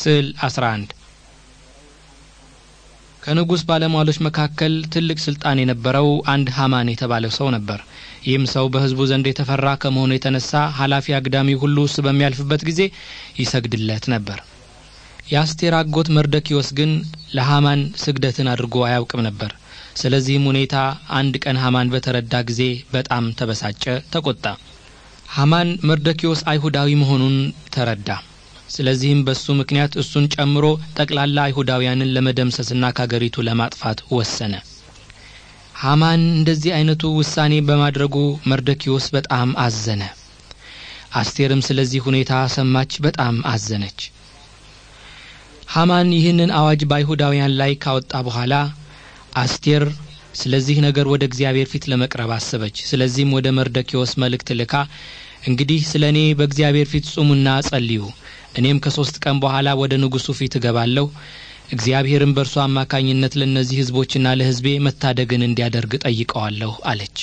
ስዕል 11 ከንጉሥ ባለሟሎች መካከል ትልቅ ስልጣን የነበረው አንድ ሃማን የተባለ ሰው ነበር። ይህም ሰው በሕዝቡ ዘንድ የተፈራ ከመሆኑ የተነሳ ኃላፊ አግዳሚ ሁሉ እሱ በሚያልፍበት ጊዜ ይሰግድለት ነበር። የአስቴር አጎት መርደኪዎስ ግን ለሃማን ስግደትን አድርጎ አያውቅም ነበር። ስለዚህም ሁኔታ አንድ ቀን ሐማን በተረዳ ጊዜ በጣም ተበሳጨ፣ ተቆጣ። ሃማን መርደኪዎስ አይሁዳዊ መሆኑን ተረዳ። ስለዚህም በሱ ምክንያት እሱን ጨምሮ ጠቅላላ አይሁዳውያንን ለመደምሰስና ከአገሪቱ ለማጥፋት ወሰነ። ሐማን እንደዚህ አይነቱ ውሳኔ በማድረጉ መርደኪዎስ በጣም አዘነ። አስቴርም ስለዚህ ሁኔታ ሰማች፣ በጣም አዘነች። ሐማን ይህንን አዋጅ በአይሁዳውያን ላይ ካወጣ በኋላ አስቴር ስለዚህ ነገር ወደ እግዚአብሔር ፊት ለመቅረብ አሰበች። ስለዚህም ወደ መርደኪዎስ መልእክት ልካ እንግዲህ ስለ እኔ በእግዚአብሔር ፊት ጹሙና ጸልዩ። እኔም ከሦስት ቀን በኋላ ወደ ንጉሡ ፊት እገባለሁ። እግዚአብሔርም በእርሱ አማካኝነት ለእነዚህ ሕዝቦችና ለሕዝቤ መታደግን እንዲያደርግ ጠይቀዋለሁ አለች።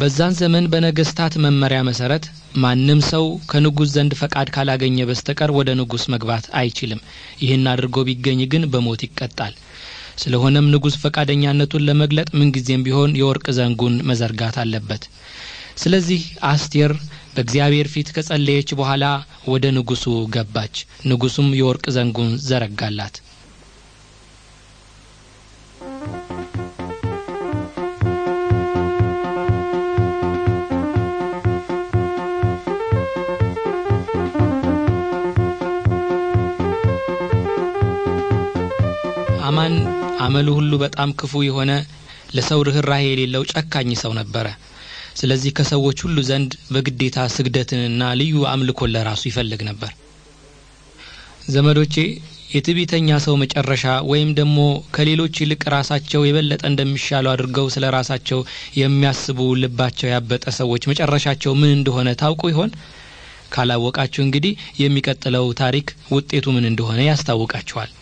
በዛን ዘመን በነገስታት መመሪያ መሰረት ማንም ሰው ከንጉሥ ዘንድ ፈቃድ ካላገኘ በስተቀር ወደ ንጉሥ መግባት አይችልም። ይህን አድርጎ ቢገኝ ግን በሞት ይቀጣል። ስለሆነም ንጉሥ ፈቃደኛነቱን ለመግለጥ ምንጊዜም ቢሆን የወርቅ ዘንጉን መዘርጋት አለበት። ስለዚህ አስቴር በእግዚአብሔር ፊት ከጸለየች በኋላ ወደ ንጉሱ ገባች። ንጉሱም የወርቅ ዘንጉን ዘረጋላት። አማን አመሉ ሁሉ በጣም ክፉ የሆነ ለሰው ርኅራሄ የሌለው ጨካኝ ሰው ነበረ። ስለዚህ ከሰዎች ሁሉ ዘንድ በግዴታ ስግደትንና ልዩ አምልኮን ለራሱ ይፈልግ ነበር። ዘመዶቼ የትቢተኛ ሰው መጨረሻ ወይም ደግሞ ከሌሎች ይልቅ ራሳቸው የበለጠ እንደሚሻሉ አድርገው ስለ ራሳቸው የሚያስቡ ልባቸው ያበጠ ሰዎች መጨረሻቸው ምን እንደሆነ ታውቁ ይሆን? ካላወቃችሁ እንግዲህ የሚቀጥለው ታሪክ ውጤቱ ምን እንደሆነ ያስታውቃችኋል።